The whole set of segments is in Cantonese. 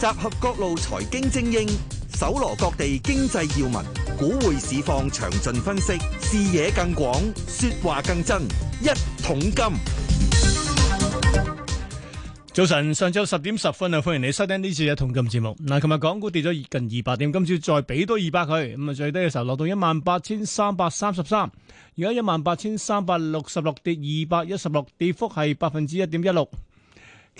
集合各路財經精英，搜羅各地經濟要聞，股匯市況詳盡分析，視野更廣，說話更真。一桶金。早晨，上晝十點十分啊！歡迎你收聽呢次嘅《一桶金》節目。嗱，琴日港股跌咗近二百點，今朝再俾多二百佢，咁啊最低嘅時候落到一萬八千三百三十三，而家一萬八千三百六十六，跌二百一十六，跌幅係百分之一點一六。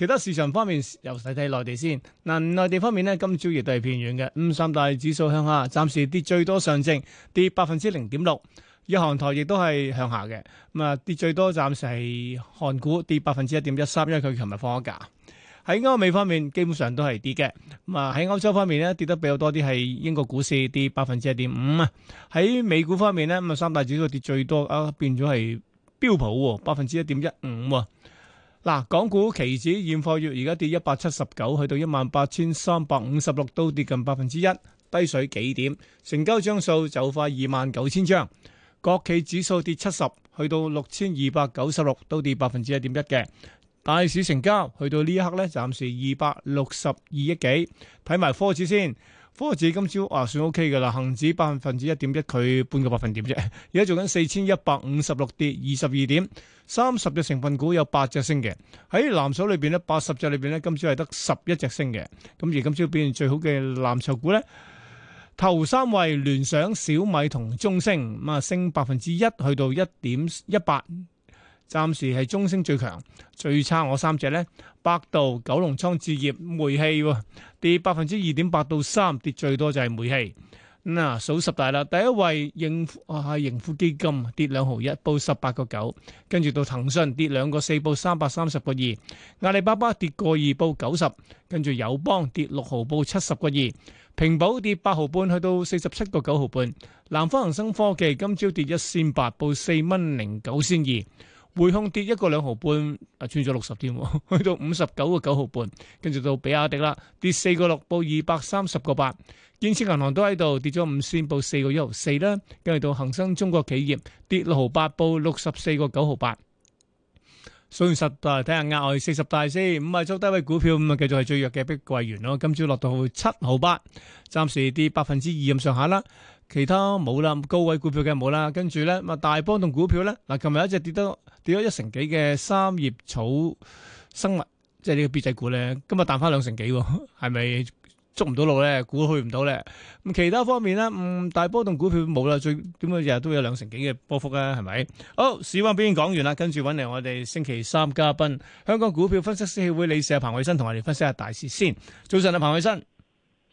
其他市場方面，又睇睇內地先。嗱，內地方面咧，今朝亦都係偏軟嘅。咁三大指數向下，暫時跌最多上證跌百分之零點六，日韓台亦都係向下嘅。咁啊跌最多，暫時係韓股跌百分之一點一三，因為佢琴日放咗假。喺歐美方面，基本上都係跌嘅。咁啊喺歐洲方面咧，跌得比較多啲係英國股市跌百分之一點五啊。喺美股方面咧，咁啊三大指數跌最多啊，變咗係標普百分之一點一五喎。嗱，港股期指現貨月而家跌一百七十九，去到一萬八千三百五十六，都跌近百分之一，低水幾點？成交張數就快二萬九千張。國企指數跌七十，去到六千二百九十六，都跌百分之一點一嘅。大市成交去到呢一刻咧，暫時二百六十二億幾。睇埋科指先。科子今朝啊算 OK 噶啦，恒指百分之一點一，佢半個百分點啫。而家做緊四千一百五十六跌二十二點，三十隻成分股有八隻升嘅。喺藍籌裏邊呢，八十隻裏邊呢，今朝係得十一隻升嘅。咁而今朝表現最好嘅藍籌股呢，頭三位聯想、小米同中升咁啊，升百分之一去到一點一八。暫時係中升最強，最差我三隻呢：百度、九龍倉置業、煤氣跌百分之二點八到三，跌最多就係煤氣。咁、嗯、啊，數十大啦，第一位盈富啊，盈富基金跌兩毫一，報十八個九。跟住到騰訊跌兩個四，報三百三十個二。阿里巴巴跌個二，報九十。跟住友邦跌六毫，報七十個二。平保跌八毫半，去到四十七個九毫半。南方恒生科技今朝跌一線八，報四蚊零九線二。匯控跌一個兩毫半，啊，穿咗六十點，去到五十九個九毫半，跟住到比亞迪啦，跌四個六，報二百三十個八。建設銀行都喺度跌咗五仙，報四個一毫四啦。跟住到恒生中國企業跌六毫八，報六十四個九毫八。數完十大，睇下額外四十大先。咁啊，捉低位股票，咁啊，繼續係最弱嘅碧桂園咯。今朝落到七毫八，暫時跌百分之二咁上下啦。其他冇啦，高位股票嘅冇啦，跟住咧，啊，大波動股票咧，嗱，琴日一隻跌得跌咗一成幾嘅三葉草生物，即係呢個 B 仔股咧，今日彈翻兩成幾，係咪捉唔到路咧？估去唔到咧？咁其他方面咧，嗯，大波動股票冇啦，最點解日日都有兩成幾嘅波幅咧？係咪？好，市況已經講完啦，跟住揾嚟我哋星期三嘉賓，香港股票分析師協會理事彭偉新同我哋分析一下大市先。早晨啊，彭偉新。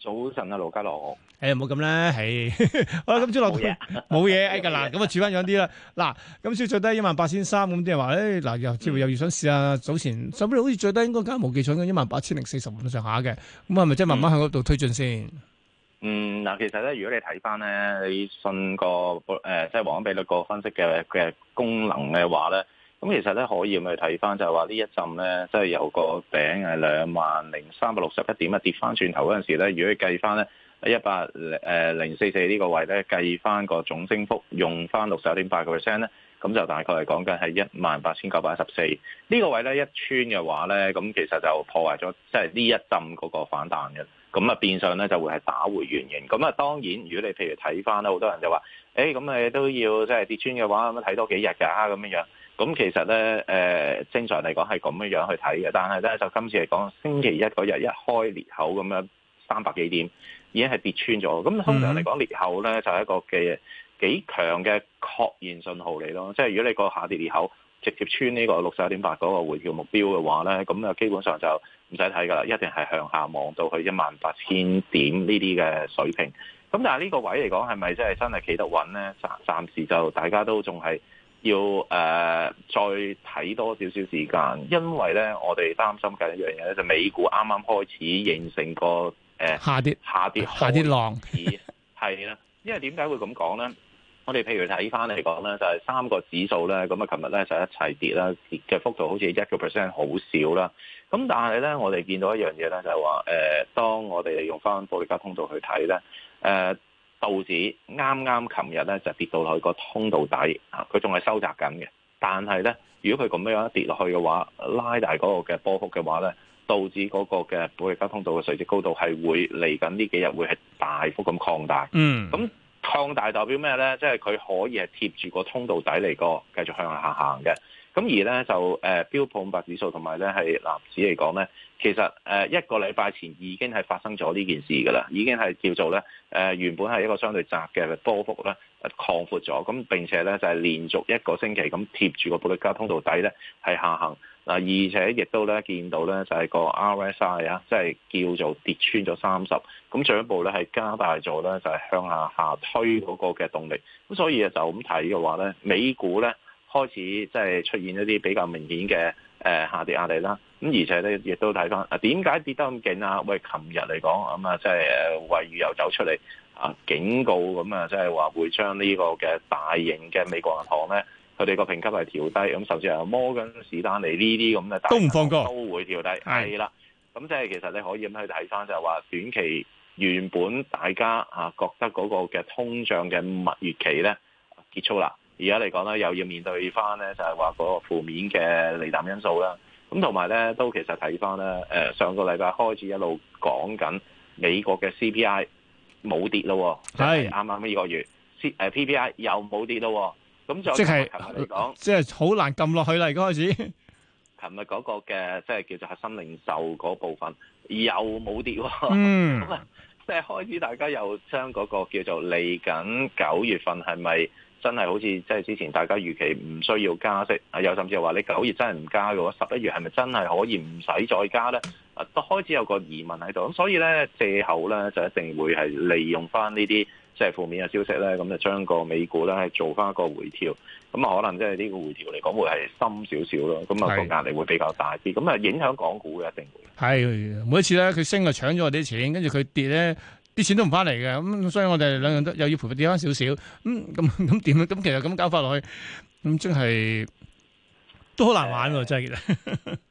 早晨啊，羅家樂。誒，唔 好咁啦，係，好 啦，今朝落去冇嘢，哎噶啦，咁、呃、啊，住翻樣啲啦，嗱，今朝最低一萬八千三，咁即係話，誒，嗱，又似乎又要想試下早前，手邊好似最低應該加冇記錯嘅一萬八千零四十五上下嘅，咁係咪即係慢慢喺嗰度推進先？嗯，嗱，其實咧，如果你睇翻咧，你信個誒、呃，即係黃金比率個分析嘅嘅功能嘅話咧，咁其實咧可以去睇翻，就係、是、話呢一陣咧，即係由個頂誒兩萬零三百六十一點啊跌翻轉頭嗰陣時咧，如果你計翻咧。一八誒零四四呢個位咧，計翻個總升幅用翻六十一點八個 percent 咧，咁就大概係講緊係一萬八千九百一十四呢個位咧。一穿嘅話咧，咁其實就破壞咗即係呢一陣嗰個反彈嘅。咁啊，變相咧就會係打回原形。咁啊，當然，如果你譬如睇翻咧，好多人就、欸、你話，誒咁啊都要即係跌穿嘅話，咁睇多幾日㗎吓，咁樣樣。咁其實咧，誒正常嚟講係咁樣樣去睇嘅，但係咧就今次嚟講，星期一嗰日一開裂口咁樣三百幾點。已經係跌穿咗，咁通常嚟講，裂口咧就係、是、一個嘅幾，幾強嘅確認信號嚟咯。即係如果你個下跌裂口直接穿呢個六十一點八嗰個回調目標嘅話咧，咁啊基本上就唔使睇㗎喇，一定係向下望到去一萬八千點呢啲嘅水平。咁但係呢個位嚟講係咪真係真係企得穩咧？暫暫時就大家都仲係要誒、呃、再睇多少少時間，因為咧我哋擔心緊一樣嘢咧，就美股啱啱開始形成個。誒、下跌下跌下跌的浪，係 啦，因為點解會咁講咧？我哋譬如睇翻嚟講咧，就係、是、三個指數咧，咁啊，琴日咧就一齊跌啦，跌嘅幅度好似一個 percent 好少啦。咁但係咧，我哋見到一樣嘢咧，就、呃、話當我哋用翻布力加通道去睇咧，誒、呃、道指啱啱琴日咧就跌到落去個通道底啊，佢仲係收窄緊嘅。但係咧，如果佢咁樣跌落去嘅話，拉大嗰個嘅波幅嘅話咧。導致嗰個嘅保利加通道嘅垂直高度係會嚟緊呢幾日會係大幅咁擴大，嗯，咁擴大代表咩咧？即係佢可以係貼住個通道底嚟個繼續向下行嘅。咁而咧就誒、呃、標普五百指數同埋咧係納指嚟講咧，其實、呃、一個禮拜前已經係發生咗呢件事㗎啦，已經係叫做咧、呃、原本係一個相對窄嘅波幅咧擴闊咗，咁並且咧就係、是、連續一個星期咁貼住個保利加通道底咧係下行。嗱，而且亦都咧見到咧、SI，就係個 RSI 啊，即係叫做跌穿咗三十，咁進一步咧係加大咗咧，就係向下下推嗰個嘅動力。咁所以啊，就咁睇嘅話咧，美股咧開始即係出現一啲比較明顯嘅誒下跌壓力啦。咁而且咧，亦都睇翻啊，點解跌得咁勁啊？喂，琴日嚟講咁啊，即係誒惠譽又走出嚟啊，警告咁啊，即係話會將呢個嘅大型嘅美國銀行咧。佢哋個評級係調低，咁甚至係摩根士丹尼呢啲咁嘅都唔放過，都會調低，係啦。咁的即係其實你可以咁去睇翻，就係、是、話短期原本大家嚇覺得嗰個嘅通脹嘅蜜月期咧結束啦。而家嚟講咧，又要面對翻咧就係話嗰個負面嘅利淡因素啦。咁同埋咧都其實睇翻咧，誒、呃、上個禮拜開始一路講緊美國嘅 CPI 冇跌咯，係啱啱呢個月 C 誒、uh, PPI 又冇跌咯。即係是即係好難撳落去啦！而家開始，琴日嗰個嘅即係叫做核心零售嗰部分又冇跌喎，咁啊、嗯，即係 開始大家又將嗰個叫做嚟緊九月份係咪真係好似即係之前大家預期唔需要加息，又甚至話你九月真係唔加嘅話，十一月係咪真係可以唔使再加咧？啊，都開始有個疑問喺度，咁所以咧，藉口咧就一定會係利用翻呢啲。即係負面嘅消息咧，咁就將個美股咧做翻一個回調來說會深一點點，咁啊可能即係呢個回調嚟講會係深少少咯，咁啊個壓力會比較大啲，咁啊影響港股嘅一定會。係每一次咧，佢升就搶咗我啲錢，跟住佢跌咧，啲錢都唔翻嚟嘅，咁所以我哋兩樣都又要跌翻少少，咁咁咁點咧？咁其實咁搞法落去，咁真係都好難玩喎！呃、真係的。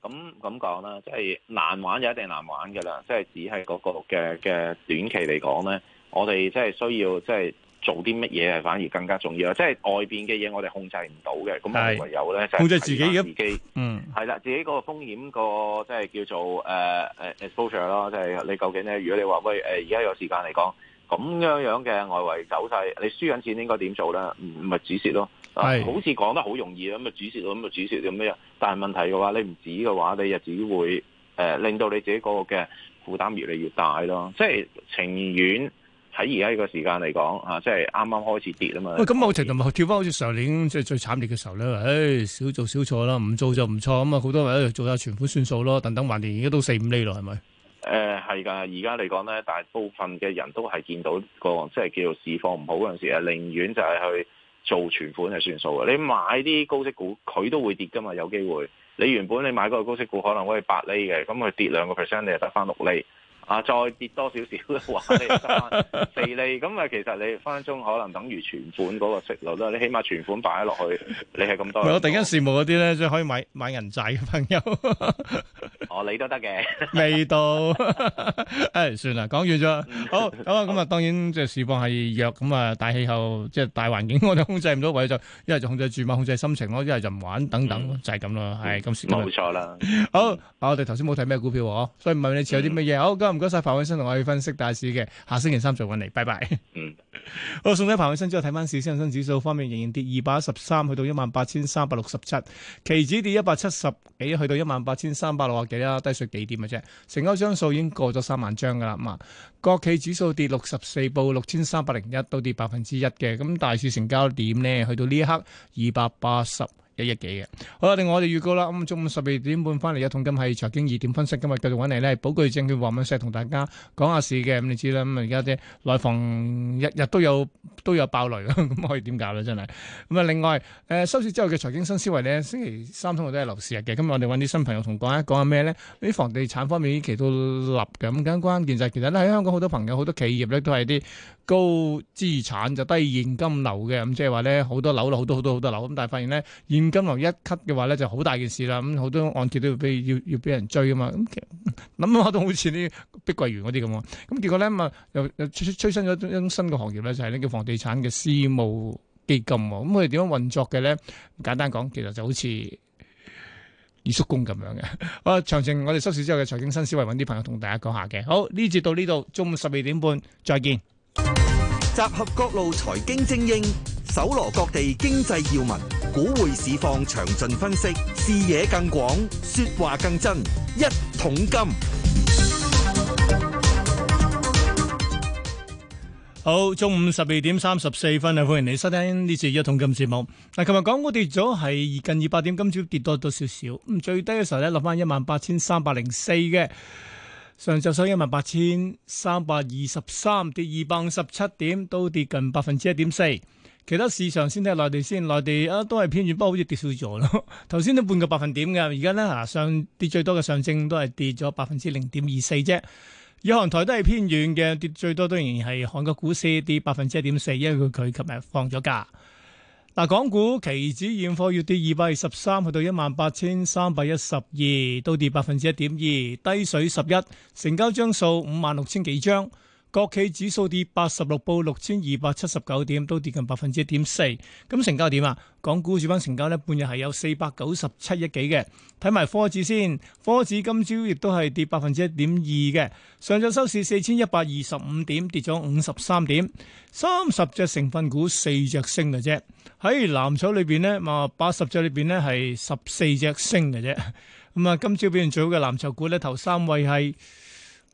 咁咁講啦，即係難玩就一定難玩嘅啦，即係只係嗰個嘅嘅短期嚟講咧。我哋即係需要即係做啲乜嘢，係反而更加重要。即係外邊嘅嘢，我哋控制唔到嘅，咁但唯有咧控制自己而家自己。嗯，係啦，自己個風險個即係叫做、呃、exposure 咯，即係你究竟咧？如果你話喂而家、呃、有時間嚟講咁樣樣嘅外圍走勢，你輸緊錢應該點做咧？唔唔係止蝕咯，是好似講得好容易咁啊，止蝕咁啊，止蝕咁咩啊？但係問題嘅話，你唔止嘅話，你就自己會、呃、令到你自己個嘅負擔越嚟越大咯。即係情願。喺而家呢個時間嚟講，嚇即係啱啱開始跌啊嘛。咁、哎、我直頭咪跳翻好似上年即係、就係、最慘烈嘅時候咧，唉、哎、少做少錯啦，唔做就唔錯咁啊！好多人都做下存款算數咯，等等橫掂而家都四五厘啦，係咪？誒係㗎，而家嚟講咧，大部分嘅人都係見到、嗰個即係叫做市況唔好嗰陣時候，係寧願就係去做存款係算數嘅。你買啲高息股，佢都會跌㗎嘛，有機會。你原本你買嗰個高息股，可能可以八厘嘅，咁佢跌兩個 percent，你就得翻六厘。啊！再跌多少少嘅話，你翻肥利咁啊！其實你分分鐘可能等於存款嗰個息率啦，你起碼存款擺咗落去，你係咁多。我突然間羨慕嗰啲咧，即係可以買買銀仔嘅朋友。哦，你都得嘅。未到誒，算啦，講完咗。好，咁啊，咁啊，當然即係市況係弱，咁啊大氣候即係大環境，我哋控制唔到，唯，就一係就控制住嘛，控制心情咯，一係就唔玩，等等就係咁咯，係咁冇錯啦。好，我哋頭先冇睇咩股票喎。所以唔係你持有啲乜嘢？好，唔該晒，謝謝彭偉生同我哋分析大市嘅，下星期三再搵你，拜拜。 好，送畀彭偉生之後，睇翻市，恒生指數方面仍然跌，二百一十三去到一萬八千三百六十七，期指跌一百七十幾，去到一萬八千三百六啊幾啦，低水幾點嘅啫。成交張數已經過咗三萬張噶啦。咁啊，國企指數跌六十四報，六千三百零一，都跌百分之一嘅。咁大市成交點呢？去到呢一刻二百八十。一日億嘅，好啦，另外我哋預告啦，咁、嗯、中午十二點半翻嚟一桶金係財經熱點分析，今日繼續揾嚟呢，寶钜證券黃敏石同大家講下事嘅，咁、嗯、你知啦，咁啊而家啲內房日日都有都有爆雷咁可以點搞咧？真、嗯、係，咁、嗯、啊、嗯嗯嗯、另外誒、呃，收市之後嘅財經新思維呢，星期三、星期五都係樓市日嘅，今日我哋揾啲新朋友同講一講下咩呢？啲房地產方面、嗯就是、呢，期都立嘅，咁咁關鍵就係其實咧喺香港好多朋友、好多企業咧都係啲高資產就低現金流嘅，咁即係話咧好多樓好多好多好多樓，咁但係發現呢。現金樓一級嘅話咧，就好大件事啦。咁好多按揭都要俾要要俾人追啊嘛。咁其實諗下都好似啲碧桂園嗰啲咁。咁結果咧啊，又又催生咗一種新嘅行業咧，就係呢叫房地產嘅私募基金。咁佢哋點樣運作嘅咧？簡單講，其實就好似二叔公咁樣嘅。好，詳情我，我哋收市之後嘅財經新思維，揾啲朋友同大家講下嘅。好，呢節到呢度，中午十二點半再見。集合各路財經精英，搜羅各地經濟要聞。股匯市況詳盡分析，視野更廣，說話更真。一桶金，好，中午十二點三十四分啊！歡迎你收聽呢次一桶金節目。嗱，琴日港股跌咗係二近二百點，今朝跌多多少少。咁最低嘅時候咧，落翻一萬八千三百零四嘅，上晝收一萬八千三百二十三，跌二百五十七點，都跌近百分之一點四。其他市場先睇內地先，內地啊都係偏遠，不過好似跌少咗咯。頭先都半個百分點嘅，而家咧，嗱上跌最多嘅上證都係跌咗百分之零點二四啫。而韓台都係偏遠嘅，跌最多當然係韓國股市跌百分之一點四，因為佢佢琴日放咗假。嗱，港股期指現貨要跌二百二十三，去到一萬八千三百一十二，都跌百分之一點二，低水十一，成交張數五萬六千幾張。國企指數跌八十六，報六千二百七十九點，都跌近百分之一點四。咁成交點啊？港股主板成交呢半日係有四百九十七億幾嘅。睇埋科指先，科指今朝亦都係跌百分之一點二嘅。上晝收市四千一百二十五點，跌咗五十三點，三十隻成分股四隻升嘅啫。喺藍籌裏邊呢，嘛八十隻裏邊呢係十四隻升嘅啫。咁啊，今朝表現最好嘅藍籌股呢，頭三位係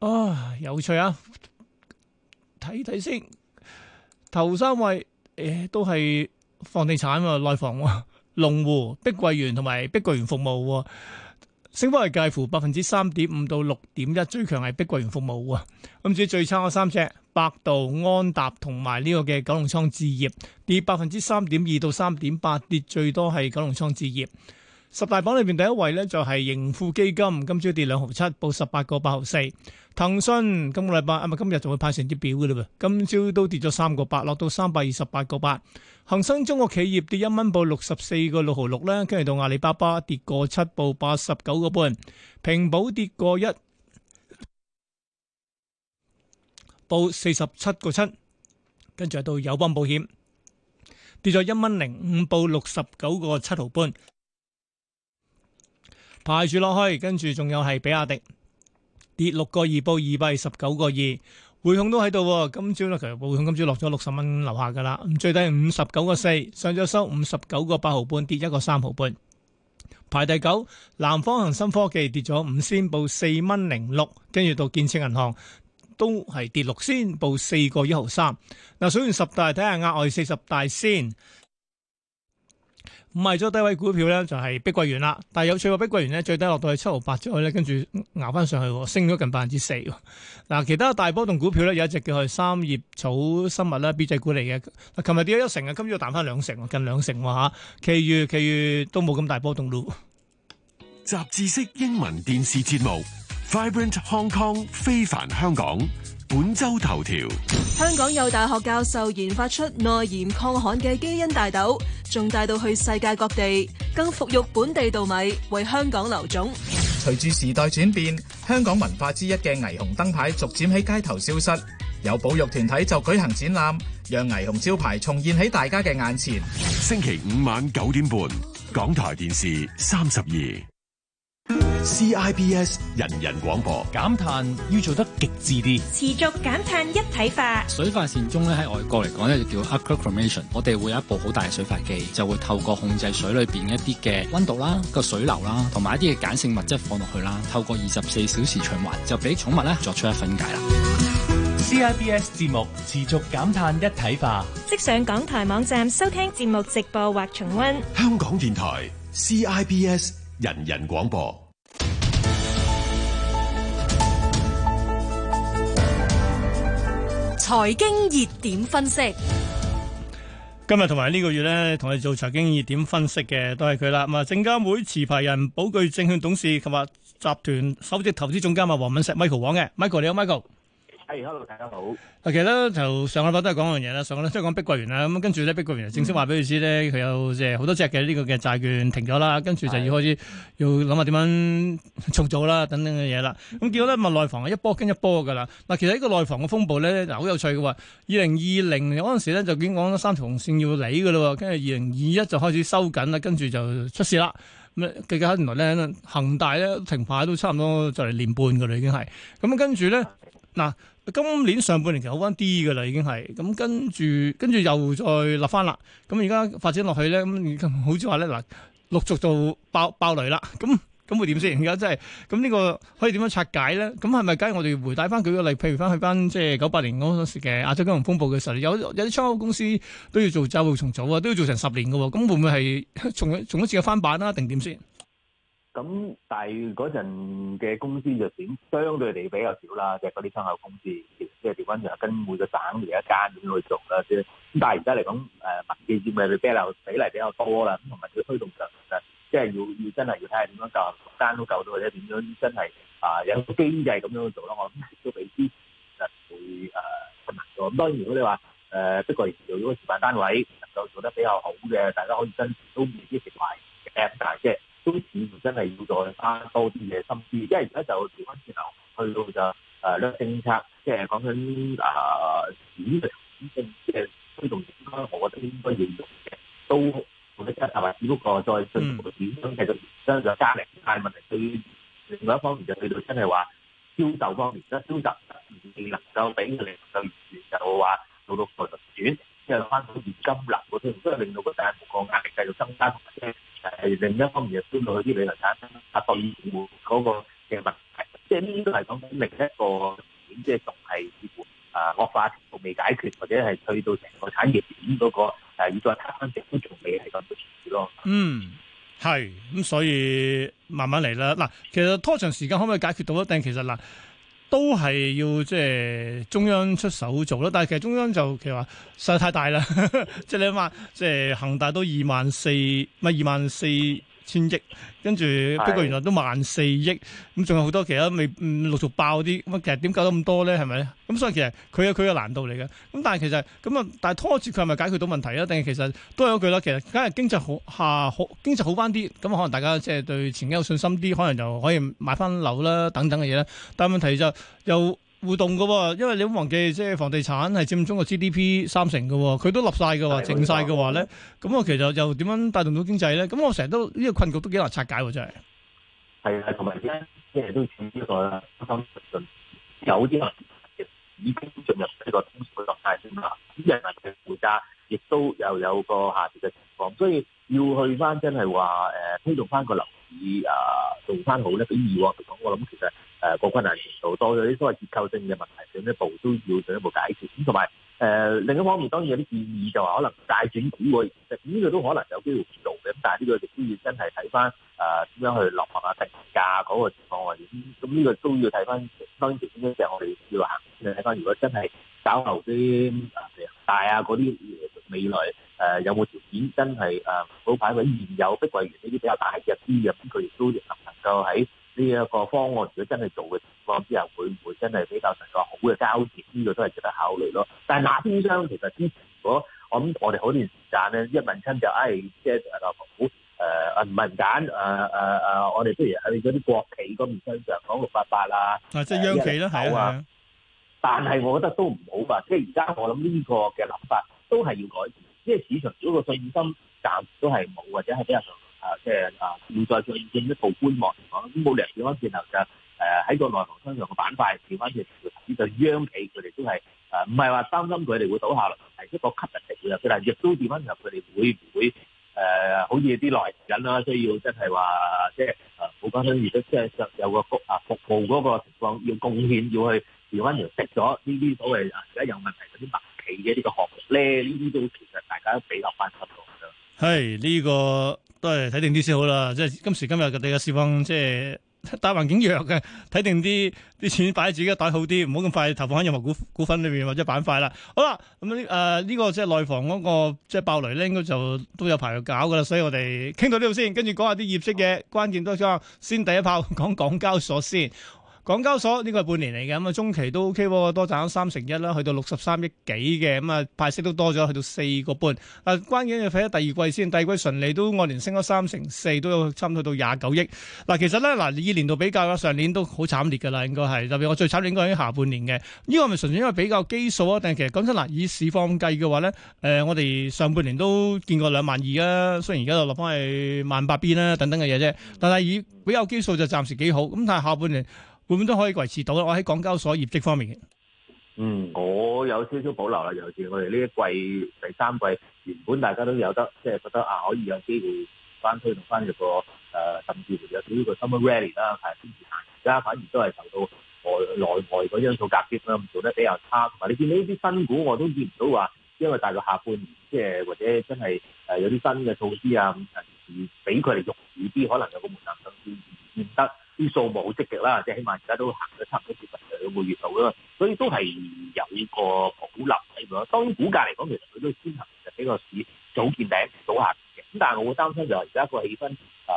啊，有趣啊！睇睇先，頭三位誒、哎、都係房地產啊，內房喎，龍湖、碧桂園同埋碧桂園服務喎，升幅係介乎百分之三點五到六點一，最強係碧桂園服務喎。咁至於最差嗰三隻，百度、安達同埋呢個嘅九龍倉置業，跌百分之三點二到三點八，跌最多係九龍倉置業。十大榜裏邊第一位呢，就係盈富基金，今朝跌兩毫七，報十八個八毫四。騰訊今個禮拜啊，今日，仲會派成啲表嘅啦。噉朝都跌咗三個八，落到三百二十八個八。恒生中國企業跌一蚊，報六十四個六毫六啦。跟住到阿里巴巴跌過七，報八十九個半，平保跌過一，報四十七個七。跟住到友邦保險跌咗一蚊零五，報六十九個七毫半。排住落去，跟住仲有係比亞迪。跌六個二，報二百二十九個二，匯控都喺度。今朝咧，其實匯控今朝落咗六十蚊樓下噶啦，咁最低五十九個四，上咗收五十九個八毫半，跌一個三毫半，排第九。南方恒生科技跌咗五仙，報四蚊零六，跟住到建設銀行都係跌六仙，報四個一毫三。嗱，數完十大，睇下額外四十大先。賣咗低位股票咧，就係碧桂園啦。但係有趣喎，碧桂園咧，最低落到去七毫八左右，跟住熬翻上去，升咗近百分之四。嗱，其他大波動股票咧，有一隻叫係三葉草生物啦 B 仔股嚟嘅。嗱，琴日跌咗一成啊，今日又彈翻兩成，近兩成喎嚇。其餘其餘都冇咁大波動咯。雜誌式英文電視節目《Vibrant Hong Kong》非凡香港。本周頭條：香港有大學教授研發出耐鹽抗旱嘅基因大豆，仲帶到去世界各地，更培育本地稻米為香港留種。隨住時代轉變，香港文化之一嘅霓虹燈牌逐漸喺街頭消失，有保育團體就舉行展覽，讓霓虹招牌重現喺大家嘅眼前。星期五晚九點半，港台電視三十二。CIBS 人人廣播。減碳要做得極致啲，持續減碳一體化水化善終，咧喺外國嚟講咧就叫 aquamation，我哋會有一部好大嘅水化機，就會透過控制水裏邊一啲嘅溫度啦、個水流啦，同埋一啲嘅鹼性物質放落去啦，透過二十四小時循環，就俾寵物咧作出一分解啦。CIBS 節目持續減碳一體化，即上港台網站收聽節目直播或重溫香港電台 CIBS。C I B S, 人人廣播財經熱點分析，今日同埋呢個月呢，同你做財經熱點分析嘅都係佢啦。咁啊，證監會持牌人、寶鉅證券董事及埋集團首席投資總監啊，黃敏石、Michael 黃嘅 Michael，你好，Michael。Hey, hello, 大家好。其實咧，就上個禮拜都係講樣嘢啦，上個禮拜都係講碧桂園啦，咁跟住咧碧桂園正式話俾你知咧，佢、嗯、有即係好多隻嘅呢個嘅債券停咗啦，跟住就要開始要諗下點樣重組啦，等等嘅嘢啦。咁、嗯、結果咧，物內房係一波跟一波噶啦。嗱，其實呢個內房嘅風暴咧，嗱，好有趣嘅喎。二零二零年嗰陣時咧，就已經講咗三條線要理噶啦，跟住二零二一就開始收緊啦，跟住就出事啦。咁啊，計較原來咧恒大咧停牌都差唔多就嚟年半噶啦，已經係。咁、嗯、跟住咧嗱。呢今年上半年期好翻啲噶啦，已經係咁，跟住跟住又再立翻啦。咁而家發展落去咧，咁好似話咧嗱，陸續就爆爆雷啦。咁咁會點先？而家真係咁呢個可以點樣拆解咧？咁係咪假如我哋回帶翻舉個例，譬如翻去翻即係九八年嗰時嘅亞洲金融風暴嘅時候，有有啲窗口公司都要做債務重組啊，都要做成十年喎。咁會唔會係重重一次嘅翻版啊？定點先？咁但係嗰陣嘅公司就點，相對嚟比較少啦，即係嗰啲窗口公司，其實即係調翻轉，跟每個省而一間咁去做啦。咁但係而家嚟講，誒民營業嘅比例比較多啦，咁同埋佢推動上嘅，即係要要真係要睇下點樣夠間都夠到，或者點樣真係啊有經濟咁樣去做咯。我諗都未知，其實會誒困難咗。咁當然如果你話誒不過做咗示範單位能夠做得比較好嘅，大家可以跟都未必食埋嘅 part，即係。都似乎真係要再花多啲嘅心思，因為而家就調翻轉頭去到就誒啲政策，即係講緊誒短嘅短政，即係呢度應該，我覺得應該要用嘅，都冇得一係嘛，只不過再進一步嘅短，咁繼續將就加力。但係問題對另外一方面就去到真係話銷售方面，即係銷售唔能夠俾佢哋能夠完成就話做到貨存短，即係翻到現金流嗰啲，即係令到個債務個壓力繼續增加同埋。係另一方面又搬到去啲旅遊產，啊對嗰個嘅問題，即係呢啲都係講緊另一個，即係仲係啊惡化程度未解決，或者係去到成個產業點嗰個啊，如果係貪污亦都仲未係咁多錢咯。嗯，係，咁所以慢慢嚟啦。嗱，其實拖長時間可唔可以解決到啊？一定其實嗱。都係要即係、就是、中央出手做咯，但係其實中央就其實話實在太大啦，即你兩萬，即係恒大都二萬四，咪二萬四千億，跟住是不過原來都萬四億，咁仲有好多其他未陸續爆啲，咁其實點搞得咁多咧？係咪？咁、嗯、所以其實佢有佢嘅難度嚟嘅。咁但係其實咁啊，但係拖住佢係咪解決到問題咧？定係其實都係嗰句啦。其實梗係經濟好下好，經濟好翻啲，咁可能大家即係對前景有信心啲，可能就可以買翻樓啦等等嘅嘢啦。但係問題就又、是。互動嘅喎，因為你都忘記即係房地產係佔中國 GDP 三成嘅喎，佢都冧晒嘅話，淨晒嘅話咧，咁我其實又點樣帶動到經濟咧？咁我成日都呢個困局都幾難拆解喎，真係。係啊，同埋咧，即係都呢個有啲啊，已經進入呢個通縮狀態先啦。啲人民嘅負債亦都又有一個下跌嘅情況，所以要去翻真係話誒推動翻個樓市啊，做翻好咧，比較易喎。我諗其實。誒個困難程度多咗啲，都係結構性嘅問題，進一步都要進一步解決。咁同埋誒另一方面，當然有啲建議就話可能債轉股會，咁呢個都可能有機會做嘅。咁但係呢個亦都要真係睇翻誒點樣去落實啊定價嗰個情況或者咁，呢個都要睇翻。當然，其中一樣我哋要話你先睇翻，如果真係找留啲大啊嗰啲未來誒有冇條件真係好擺位現有碧桂園呢啲比較大隻嘅資源，佢亦都能能夠喺。呢一個方案，如果真係做嘅情況之下，會唔會真係比較成個好嘅交接？呢個都係值得考慮咯。但係哪邊商其實之前，如果我諗我哋好段時間咧，一問親就誒，即係啊好誒啊唔係唔揀誒誒誒，我哋不如去嗰啲國企嗰邊追上，講六八八啊，即係央企都好，係啊。但係我覺得都唔好呀，即係而家我諗呢個嘅諗法都係要改善，即係市場嗰個信心暫時都係冇或者係比較。啊，即係啊，現在再進一步觀望嚟講，咁冇理由調翻轉頭嘅。誒喺個內房商場嘅板塊調翻轉頭，呢就央企佢哋都係誒，唔係話擔心佢哋會倒下啦，係一個吸引嚟㗎。佢哋亦都調翻轉頭，佢哋會唔會誒？好似啲內人啦，需要真係話即係誒，冇講緊如果即係有個服啊服務嗰個情況要貢獻，要去調翻轉食咗呢啲所謂而家有問題嗰啲民企嘅呢個項目咧，呢啲都其實大家都比較翻心㗎啦。係呢個。都係睇定啲先好啦，即係今時今日嘅地嘅市況，即係大環境弱嘅，睇定啲啲錢擺喺自己嘅袋好啲，唔好咁快投放喺任何股股份裏邊或者板塊啦。好啦，咁啊誒呢個即係內房嗰、那個即係、就是、爆雷咧，應該就都有排搞噶啦，所以我哋傾到呢度先，跟住講下啲業績嘅關鍵都、嗯、先第一炮講港交所先。港交所呢個係半年嚟嘅，咁啊中期都 O K 喎，多賺咗三成一啦，去到六十三億幾嘅，咁啊派息都多咗，去到四個半。嗱，關鍵你睇下第二季先，第二季純利都按年升咗三成四，都有差唔多去到廿九億。嗱，其實咧，嗱，以年度比較啦，上年都好慘烈嘅啦，應該係特別我最慘烈嘅應該喺下半年嘅。呢個係咪純粹因為比較基數啊？定係其實講真嗱，以市況計嘅話咧，誒、呃、我哋上半年都見過兩萬二啦，啊，雖然而家就落翻係萬八邊啦等等嘅嘢啫。但係以比較基數就暫時幾好，咁但係下半年。根本都可以維持到啦！我喺港交所業績方面，嗯，我有少少保留啦。尤其是我哋呢一季第三季，原本大家都有得，即係覺得啊，可以有機會翻推同翻入個誒，甚至乎有少少個 summer rally 啦。但係先至行而家反而都係受到內內外嗰因素夾擊啦，做得比較差。同埋你見到呢啲新股，我都見唔到話，因為大概下半年，即係或者真係誒有啲新嘅措施啊，咁誒畀佢哋容易啲，可能有個門檻甚至唔見得。啲數目好積極啦，即係起碼而家都行咗差唔多接近兩個月度啦，所以都係有呢個保留喺度。當然股價嚟講，其實佢都先行嘅，比個市早見頂早行嘅。咁但係我會擔心就係而家個氣氛，誒、呃、誒、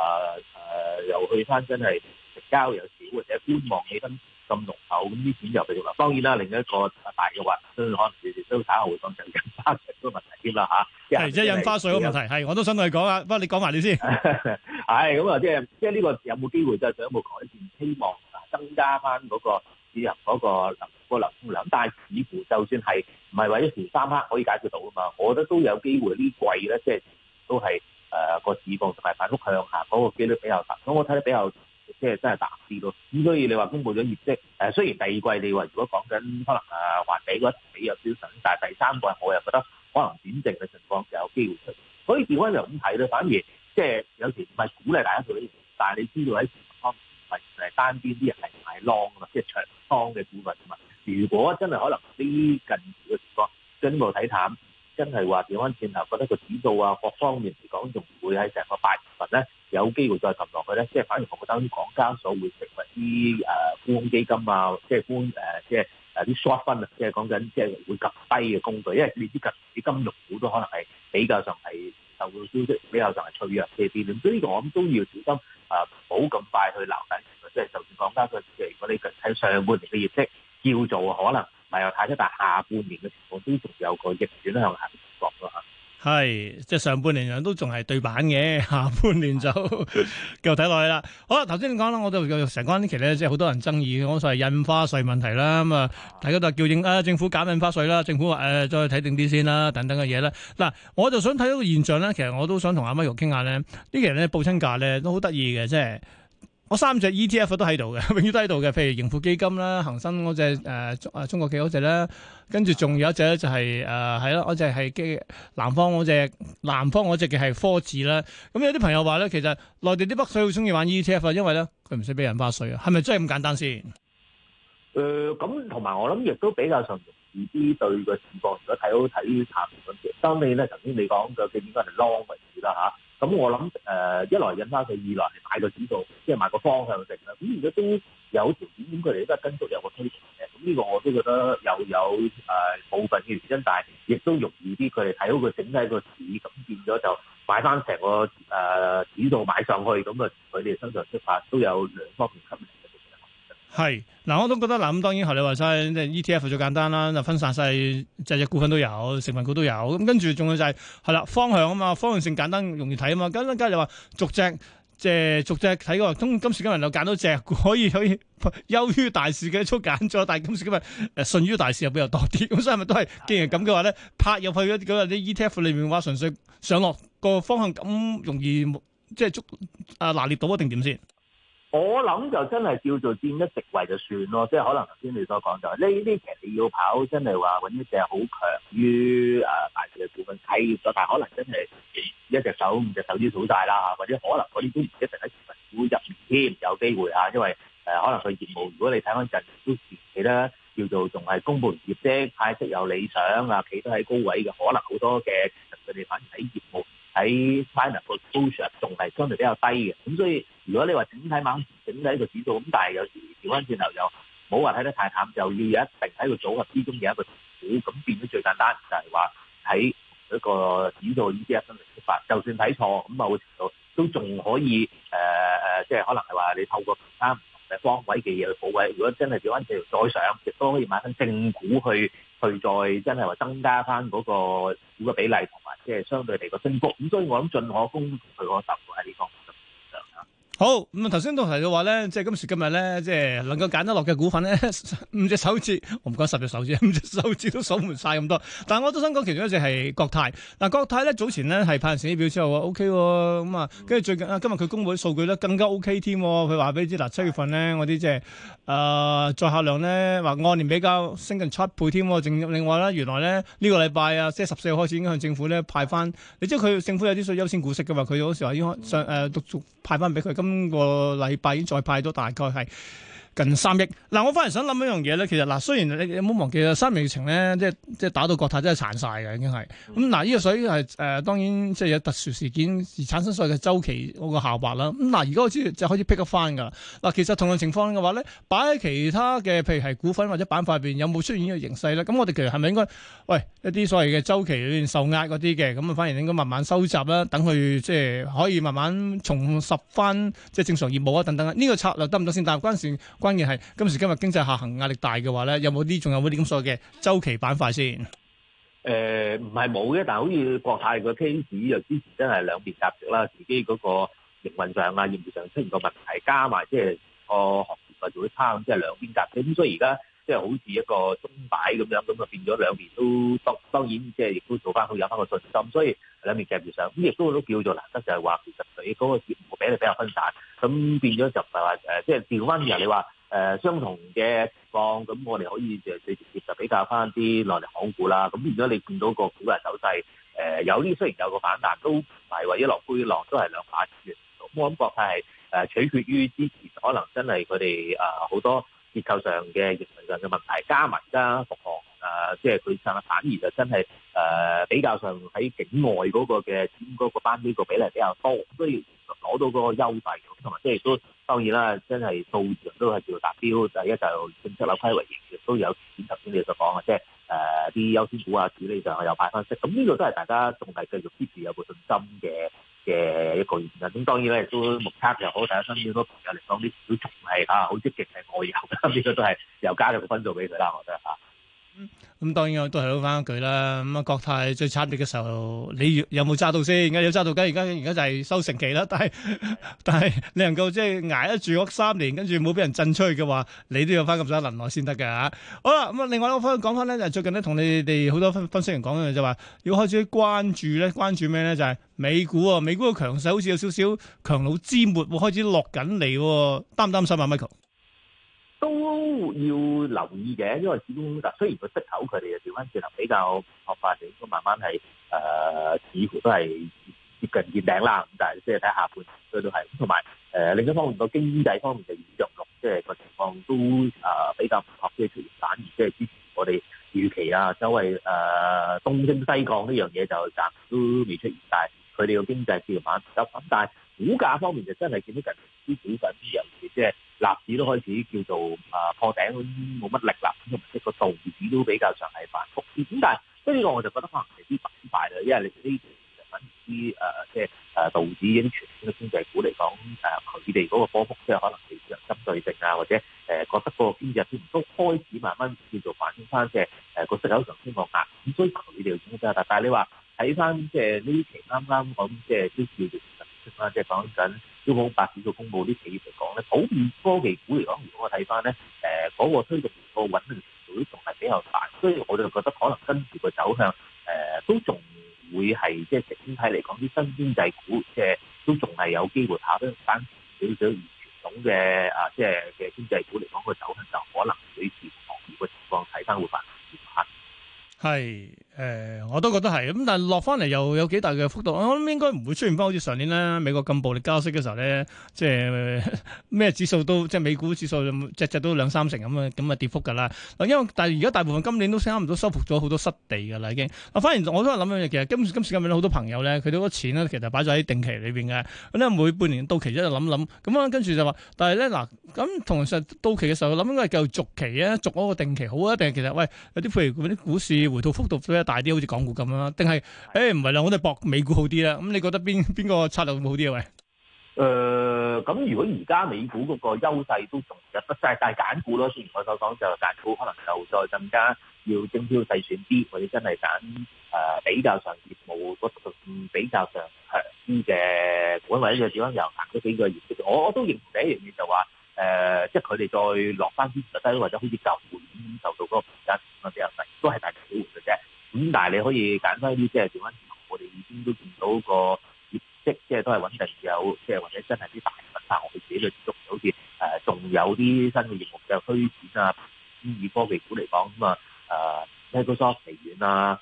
呃、又去翻真係成交又少，或者觀望氣氛。咁濃厚，咁啲錢又俾佢啦。當然啦，另一個大嘅話可能都睇下會唔會印花稅嗰個問題添啦嚇。係，即係印花稅嘅問，的問題。係的，我都想同你講啦。不過你講埋你先 係咁啊，即係即係呢個有冇機會真係有一個改變？希望增加返嗰個，個流入嗰個嗰個流通量但係，似乎就算係唔係話一時三刻可以解決到啊嘛。我覺得都有機會呢季咧，即、就、係、是、都係、呃那個市況同埋反覆向下嗰個機率比較大。咁我睇得比較。即係真係淡啲咯，咁所以你話公布咗業績，誒雖然第二季你話如果講緊可能誒還、啊、比個比有少息，但係第三季我又覺得可能短淨嘅情況就有機會出，所以調翻嚟咁睇咧，反而即係、就是、有時唔係鼓勵大家做呢樣，但係你知道喺情況唔係係單邊啲人係唔係浪，n g 即係長莊嘅股份啊嘛，如果真係可能呢近嘅情況進步睇淡，真係話調翻轉頭覺得指導、啊、個指數啊各方面嚟講仲會喺成個八。有機會再撳落去咧，即係反而我覺得啲港交所會成為啲誒沽空基金啊，即係官誒，即係誒啲 short fund 啊，即係講緊即係會撳低嘅工具，因為呢啲近期啲金融股都可能係比較上係受到消息比較上係脆弱啲啲。所以呢個我諗都要小心啊，唔好咁快去撈底，即係就算港交所，如果你睇上半年嘅業績叫做可能唔係話太差，但係下半年嘅情況都仲有個逆轉向下。係，即係上半年都仲係對版嘅，下半年就呵呵繼續睇落去啦。好啦，頭先你講啦？我就成關呢期咧，即係好多人爭議，講曬印花稅問題啦。咁啊，大家都叫應啊，政府減印花稅啦。政府話、呃、再睇定啲先啦，等等嘅嘢啦。嗱，我就想睇到個現象咧，其實我想談談都想同阿威玉傾下咧，呢期啲人咧報親價咧都好得意嘅，即係。我三隻 ETF 都喺度嘅，永遠都喺度嘅。譬如盈富基金啦、恒生嗰隻誒誒中國企嗰隻啦，跟住仲有一隻咧就係誒係啦，嗰隻係基南方嗰隻南方嗰隻嘅係科指啦。咁有啲朋友話咧，其實內地啲北水好中意玩 ETF 啊，因為咧佢唔使俾印花稅啊。係咪真係咁簡單先？誒、呃，咁同埋我諗亦都比較上容易啲對個情況，如果睇好睇差嗰啲。當然咧，頭先你講嘅佢應該係 long 為主、啊、啦咁、嗯、我諗，誒、呃、一來引翻佢，二來買個指數，即係買個方向性啦。咁而家都有條件，咁佢哋都係跟足有個推前嘅。咁、嗯、呢、這個我都覺得又有誒部、呃、分嘅原因，但係亦都容易啲，佢哋睇到佢整體個市，咁變咗就買翻成個誒、呃、指數買上去，咁啊佢哋身上出發都有兩方面吸引。係嗱、啊，我都覺得嗱，咁、啊、當然後你話晒即、係、ETF 最簡單啦，就分散晒隻隻股份都有，成份股都有。咁跟住仲要就係係啦方向啊嘛，方向性簡單容易睇啊嘛。咁咧家就話逐隻即係逐隻睇個，今次今時今日又揀到隻可以可以優 於大市嘅，出揀咗。但今時今日誒、啊、順於大市又比較多啲。咁所以咪都係既然咁嘅話咧，拍入去嗰啲 ETF 裏面嘅話，純粹上落、個方向咁容易，即係捉啊拿捏到一定點先？我諗就真係叫做佔一席位就算咯，即係可能頭先你所講就呢啲其實你要跑，真係話揾一隻好強於誒大市嘅股份企住咗，但係可能真係一隻手五隻手指數曬啦嚇，或者可能嗰啲都唔一定喺成分股入面添，有機會啊，因為誒、啊、可能佢業務，如果你睇翻近期都前期咧，叫做仲係公布業績，派息有理想啊，企得喺高位嘅，可能好多嘅人佢哋反而喺業務，喺 headline proposal 仲係相對比較低嘅，咁所以如果你話整體猛整體一個指數，咁但係有時調翻轉頭又冇話睇得太淡，就要有一定喺個組合之中有一個股，咁變咗最簡單就係話喺一個指數呢啲嘅分析法，就算睇錯咁某程度都仲可以誒誒，即係可能係話你透過平山。嘅方位嘅嘢去補位，如果真係表現再再上，亦都可以買翻正股去去再真係話增加翻嗰個股嘅比例同埋，即係相對嚟個升幅。咁所以我諗盡我攻，佢我十喎喺呢方。好咁啊！頭先都提到話咧，即係今時今日咧，即係能夠揀得落嘅股份咧，五隻手指，我唔講十隻手指，五隻手指都數唔晒咁多。但係我都想講其中一隻係國泰嗱、啊，國泰咧早前咧係派人寫啲表之後話 O K 咁啊，跟住最近啊今日佢公布數據咧更加 O K 添，佢話俾你知嗱，七、啊、月份咧我啲即係誒載客量咧話按年比較升近七倍添，另外咧原來咧呢、這個禮拜啊即係十四號開始已經向政府咧派翻，你知佢政府有啲所謂優先股息嘅嘛，佢有時話應上誒續、呃、派翻俾佢今。今個禮拜已經再派咗，大概係，近三億嗱、啊，我反而想諗一樣嘢咧。其實嗱、啊，雖然你你冇忘記啦，三月疫情咧，即係即係打到國泰真係殘晒嘅，已經係咁嗱。呢、嗯啊呢個水係誒、呃，當然即係有特殊事件而產生所謂嘅周期嗰個下滑啦。咁、啊、嗱，而、啊、家我知就可以 pick 翻㗎啦。嗱、啊，其實同樣情況嘅話咧，擺喺其他嘅，譬如係股份或者板塊入邊，有冇出現呢個形勢咧？咁我哋其實係咪應該喂一啲所謂嘅周期裏面受壓嗰啲嘅，咁啊反而應該慢慢收集啦，等佢即係可以慢慢重拾翻即係正常業務啊等等啊。呢、呢個策略得唔得先？但係關鍵。關鍵係今時今日經濟下行壓力大嘅話咧，有冇啲仲有冇啲咁所謂嘅周期板塊先？誒、呃，唔係冇嘅，但係好似國泰個 case 就之前真係兩邊夾擊啦，自己嗰個營運上啊、業務上出現個問題，加埋即係個行業份數都差咁，即係兩邊夾擊，咁所以而家即係好似一個鐘擺咁樣，咁啊變咗兩邊都當當然即係亦都做翻，好，有翻個信心，所以兩面夾住上，咁亦都都叫做難得，就係、是、話其實佢嗰個業務比係比較分散，咁變咗就唔係話誒，即、呃、係、就是、調翻轉頭你話。誒、呃、相同嘅情況，咁我哋可以就直接就比較翻啲內地航空股啦。咁如果你見到個股嘅走勢，誒、呃、有啲雖然有個反彈，都唔係話一落灰落，都係兩百點。咁我諗確係取決於之前可能真係佢哋誒好多結構上嘅疫情上嘅問題加埋加、啊、復航。誒，即係佢上反而就真係誒比較上喺境外嗰個嘅嗰個班呢個比例比較多，所以攞到嗰個優勢，同埋即係都當然啦，真係數量都係叫達標。第一就政策樓規劃型亦都有，頭先你所講嘅，即係誒啲優先股啊、主力上又派翻息，咁呢個都係大家仲係繼續 keep 住有個信心嘅嘅一個原因。咁當然咧，亦都目測又好，大家身邊好多朋友嚟講，呢啲都仲係嚇好積極嘅外遊啦，呢個都係又加咗個分數俾佢啦，我覺得嚇。咁、嗯嗯、當然我都係講翻一句啦。咁啊，國泰最慘烈嘅時候，你有冇揸到先？而家有揸到，而家而家就係收成期啦。但係、嗯、但係你能夠即係捱得住嗰三年，跟住冇俾人震出去嘅話，你都要翻咁多輪耐先得噶。好啦，咁、嗯、啊，另外我翻講翻咧，就最近咧同你哋好多分分析人講嘅就話，要開始關注咧，關注咩咧？就係、是、美股啊，美股嘅強勢好似有少少強弩之末，開始落緊嚟，擔唔擔心啊，Michael？都要留意嘅，因為始終嗱、啊，雖然個息口佢哋又調翻轉嚟比較合法，你應該慢慢係誒、呃、似乎都係接近見頂啦。咁但係即係睇下半，都都係。同埋誒另一方面個經濟方，方面就嘅弱落，即係個情況都誒、呃、比較合啲，反而即係之前我哋預期啊，所謂誒東升西降呢樣嘢就暫都未出現，但係佢哋個經濟似乎反彈咁，但係。股價方面就真係見到近期啲股份啲人哋即係納指都開始叫做啊破頂嗰啲冇乜力啦，咁即係個道指都比較上係反覆啲。咁但係即係呢個我就覺得可能係啲反敗啦，因為你呢期嘅粉絲誒即係誒道指已經全個，就是，個經濟股嚟講誒佢哋嗰個波幅即係可能其實針對性啊或者誒覺得嗰個經濟都開始慢慢叫做反映翻嘅誒個息口上升降壓，咁所以佢哋會影響㗎。但係你話睇翻即係呢期啱啱咁即係都叫做。就是啊，即係講緊，因為好百股都公布啲企業嚟講咧，普遍科技股嚟講，如果我睇翻咧，誒嗰個推動個穩定程度都仲係比較大，所以我就覺得可能跟住個走向，誒都仲會係即係整體嚟講啲新經濟股即係都仲係有機會嚇，都唔單止少少傳統嘅啊，即係嘅經濟股嚟講個走向就可能對於行業嘅情況睇翻會煩。係。誒，我都覺得係咁，但係落翻嚟又有幾大嘅幅度。我諗應該唔會出現翻好似上年咧，美國咁暴力加息嘅時候咧，即係咩指數都即係美股指數，隻隻都兩三成咁啊，咁啊跌幅㗎啦。嗱，因為但係而家大部分今年都差唔多收復咗好多失地㗎啦，已經。啊，反而我都係諗緊嘅，其實今今時今日好多朋友咧，佢啲錢咧，其實擺咗喺定期裏邊嘅。咁咧，每半年到期咗就諗諗，咁啊跟住就話，但係咧嗱，咁同時到期嘅時候諗應該係繼續續期啊，續嗰個定期好啊，定係其實喂有啲譬如嗰啲股市回吐幅度大啲好似港股咁樣啦，定係誒唔係啦？我哋搏美股好啲啦。咁、嗯、你覺得邊邊個策略會好啲啊？喂、呃，誒咁如果而家美股嗰個優勢都仲有，但係揀股咯。雖然我所講就揀股可能就再更加要精挑細選啲，或者真係揀比較上業務比較上強啲嘅股，或者就點樣又行咗幾個月先。我我都認同第一樣嘢就話、呃、即係佢哋再落翻啲特低，或者好似救盤咁受到嗰個盤比較低都係大家救盤嘅啫。咁但係你可以簡單啲，即係講翻，我哋已經都見到個業績，即、就、係、是、都係穩定有，即係或者真係啲大品牌，我哋自己嘅，好似誒仲有啲新嘅業務就推、是、展啊。以科技股嚟講，咁啊誒 Microsoft、微軟啊、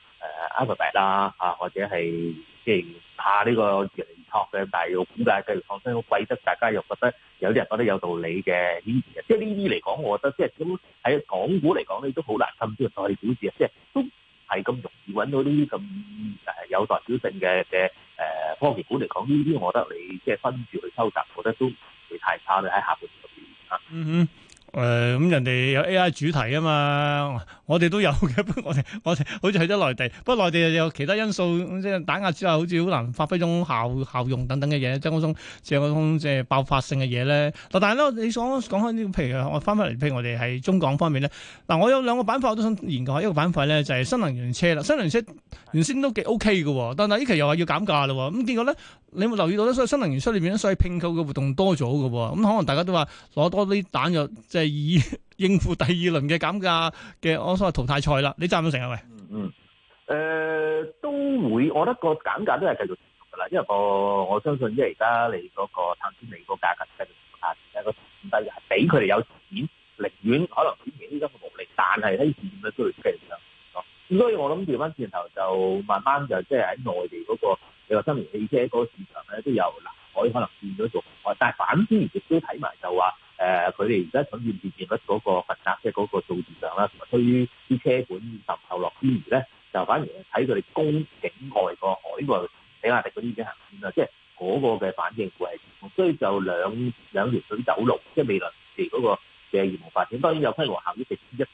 誒 Alphabet 啦啊，或者係即係怕呢個盈拓嘅，但係要咁嘅，繼續放生好貴得大家又覺得有啲人覺得有道理嘅呢啲，即係呢啲嚟講，我覺得即係咁喺港股嚟講咧、就是，都好難跟住代表示啊，即係都。揾到啲咁誒有代表性嘅嘅誒科技股嚟講，呢啲我覺得你即係分住去收集，我覺得都唔會太差咧，喺下半年啊。誒，咁、呃、人哋有 AI 主題啊嘛，我哋都有嘅。不過我哋我哋好似去咗內地，不過內地又有其他因素，即係打壓之下，好似好難發揮種效效用等等嘅嘢，即係嗰種即係嗰種即係爆發性嘅嘢咧。但係咧，你所講開呢，譬如我翻返嚟，譬如我哋係中港方面咧，嗱，我有兩個板塊我都想研究下。一個板塊咧就係新能源車啦，新能源車原先都幾 OK 嘅，但係呢期又話要減價啦，咁結果咧？你有留意到咧？所以新能源車裏邊咧，所以併購嘅活動多咗喎。咁可能大家都話攞多啲蛋，又即係以應付第二輪嘅減價嘅，我所謂淘汰賽啦。你贊唔贊成啊？咪、嗯？嗯嗯，誒、呃，都會，我覺得個減價都係繼續㗎啦，因為個我，我相信、那個，即係而家你嗰個騰訊美個價格繼續下跌，個最低係俾佢哋有錢寧願可能短期呢個冇力，但係呢次點都要出嚟咁所以我諗調返轉頭就慢慢就即係喺內地嗰個你話新能源汽車嗰個市場咧，都有南海可能變咗做，但係反之亦都睇埋就話誒，佢哋而家想變唔變嗰嗰個份額，即係嗰個數字上啦。同埋對於啲車管尋購落之餘咧，就反而睇佢哋供境外個海外比亞迪嗰啲車行先啦。即係嗰個嘅反應會係，所以就兩兩條水走路，即係未來佢嗰個嘅業務發展，當然有規模效益嘅一。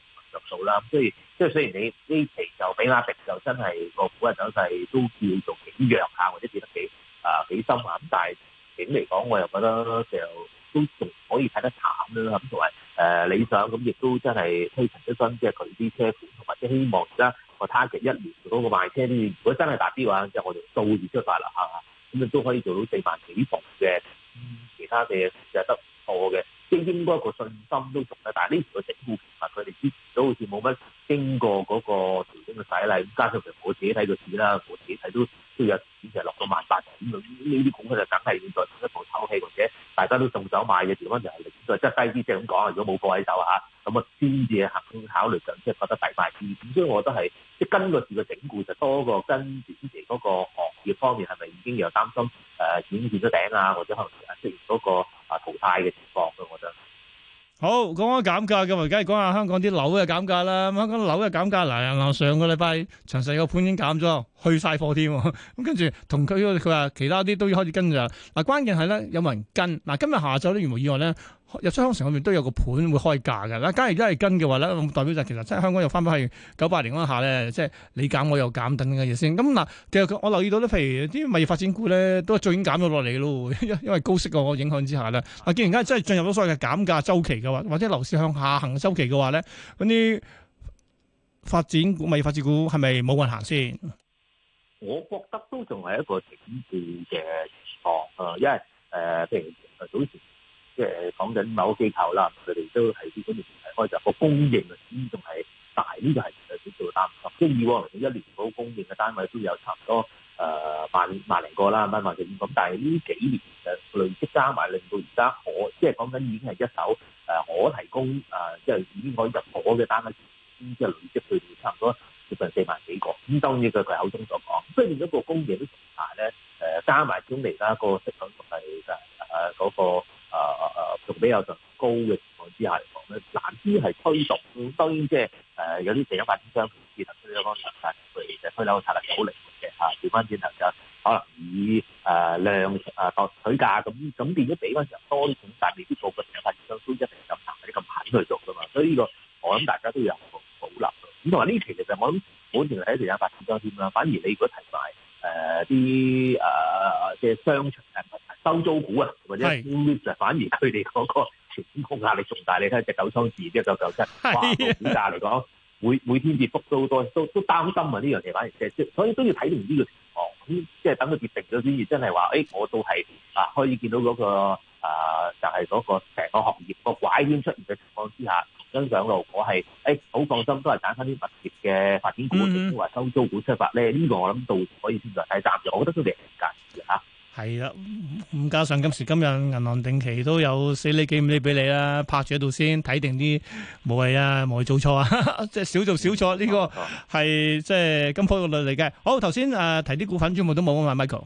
啊，所以即係雖然你呢期就比亞迪就真係個股嘅走勢都叫做幾弱下，或者跌得幾啊幾深啊。咁但係整嚟講，我又覺得就都仲可以睇得慘啦。咁同埋誒理想咁，亦都真係推陳出新即係佢啲車款，同埋即係希望而家我 target 一年嗰個賣車啲，如果真係達標嘅話，即係我哋數字出發啦嚇，咁你都可以做到四萬幾房嘅其他嘅，就係得貨嘅，即係應該個信心都仲咧。但係呢個整固其實佢哋。都好似冇乜經過嗰個調整嘅洗禮，加上其實我自己睇個市啦，我自己睇都今日短期落到萬八咁樣，呢啲股咧就梗係要再一部抽氣或者大家都動手買嘅情況就係再質低啲，即係咁講。如果冇破位走嚇，咁啊先至肯考慮上，即係覺得大賣市。咁所以我覺得係即係跟個市嘅整固就多過跟住以前嗰個行業方面係咪已經有擔心誒已經變咗頂啊，或者可能出現嗰個啊淘汰嘅情況咯，我就。好，講開減價嘅，咁啊，梗係講下香港啲樓嘅減價啦。香港樓嘅減價，嗱，上個禮拜長實個盤已經減咗，去晒貨添。咁跟住同佢，佢話其他啲都要開始跟住。嗱，關鍵係咧，有冇人跟？嗱，今日下晝都如無意外咧。日出康城裏面都有個盤會開價嘅，嗱，假如而家係跟嘅話咧，代表就其實即係香港又翻返去九八年嗰一下咧，即、就、係、是、你減我又減等嘅嘢先。咁嗱，其實我留意到咧，譬如啲物業發展股咧，都最緊減咗落嚟咯，因因為高息個影響之下咧。啊，既然而家真係進入咗所謂嘅減價周期嘅話，或者樓市向下行周期嘅話咧，咁啲發展股、物業發展股係咪冇運行先？我覺得都仲係一個整固嘅情況啊，因為誒，譬、呃、如誒講緊某個機構啦，佢哋都係基本問題，開就個供應啊，呢仲係大呢個係有少少擔心，即係以往一年嗰個供應嘅單位都有差唔多誒萬萬零個啦，萬萬幾咁。但係呢幾年嘅累積加埋，令到而家可即係講緊已經係一手誒可提供誒，即係已經可入伙嘅單位，即係累積去到差唔多接近四萬幾個。咁當然佢佢口中所講，雖然嗰個供應大咧，誒加埋將嚟啦個息率同埋誒嗰個。比較就高嘅情況之下嚟講咧，難之係推動。當然即係有啲地產發展商同資能推咗嗰場大盤，其實推樓策略好靈活嘅嚇。掉返轉頭就可能以誒、呃、量當取、啊、價咁咁。變果比翻時候多啲錢，但未必個個地產發展商都一定咁難或者咁狠去做噶嘛。所以呢、呢個我諗大家都有保留。咁同埋呢期其實我諗本年喺地產發展商添啦。反而你如果提賣誒啲嘅商場產品。收租股啊，或者即反而佢哋嗰個調控壓力重大。你睇下隻九倉市，即九九七，哇，個股價嚟講，每每天跌幅都多，都都擔心啊呢樣嘢。反而即係所以都要睇明呢個情況。咁即係等佢跌定咗先，真係話誒，我都係啊，可以見到嗰、嗰個啊、呃、就係、是、嗰個成個行業、嗰個拐圈出現嘅情況之下，跟上路我係誒好放心，都係揀翻啲物業嘅發展股，都話收租股出發咧呢、這個我諗到可以先再睇，但係暫時我覺得都零價吓。啊。係啦，咁加上今時今日銀行定期都有四厘幾、五厘俾你啦，拍住喺度先睇定啲，冇謂啊，冇謂做錯啊，即係少做少錯呢個係即係金科玉律嚟嘅。好，頭先誒提啲股份，全部都冇啊，Michael。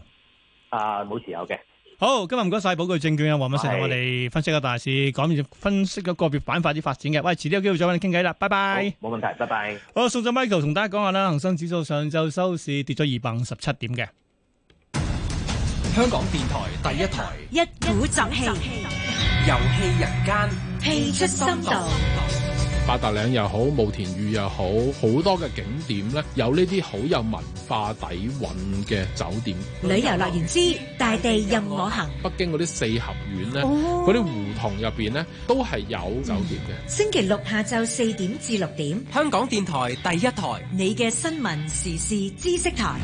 啊，冇持有嘅。好，今日唔該晒寶钜證券嘅黃文成同我哋分析個大市，講分析咗個別板塊啲發展嘅。喂，遲啲有機會再揾你傾偈啦，拜拜。哦，冇問題，拜拜。好，送咗 Michael 同大家講下啦，恒生指數上晝收市跌咗二百五十七點嘅。香港電台第一台，一鼓作氣，遊戲人間，戲出心度。八達嶺又好，慕田峪又好，好多嘅景點咧，有呢啲好有文化底蘊嘅酒店。旅遊樂園之園大地園任我行。北京嗰啲四合院咧，嗰啲，哦、胡同入邊咧，都係有酒店嘅，嗯。星期六下晝四點至六點，香港電台第一台，你嘅新聞時事知識台。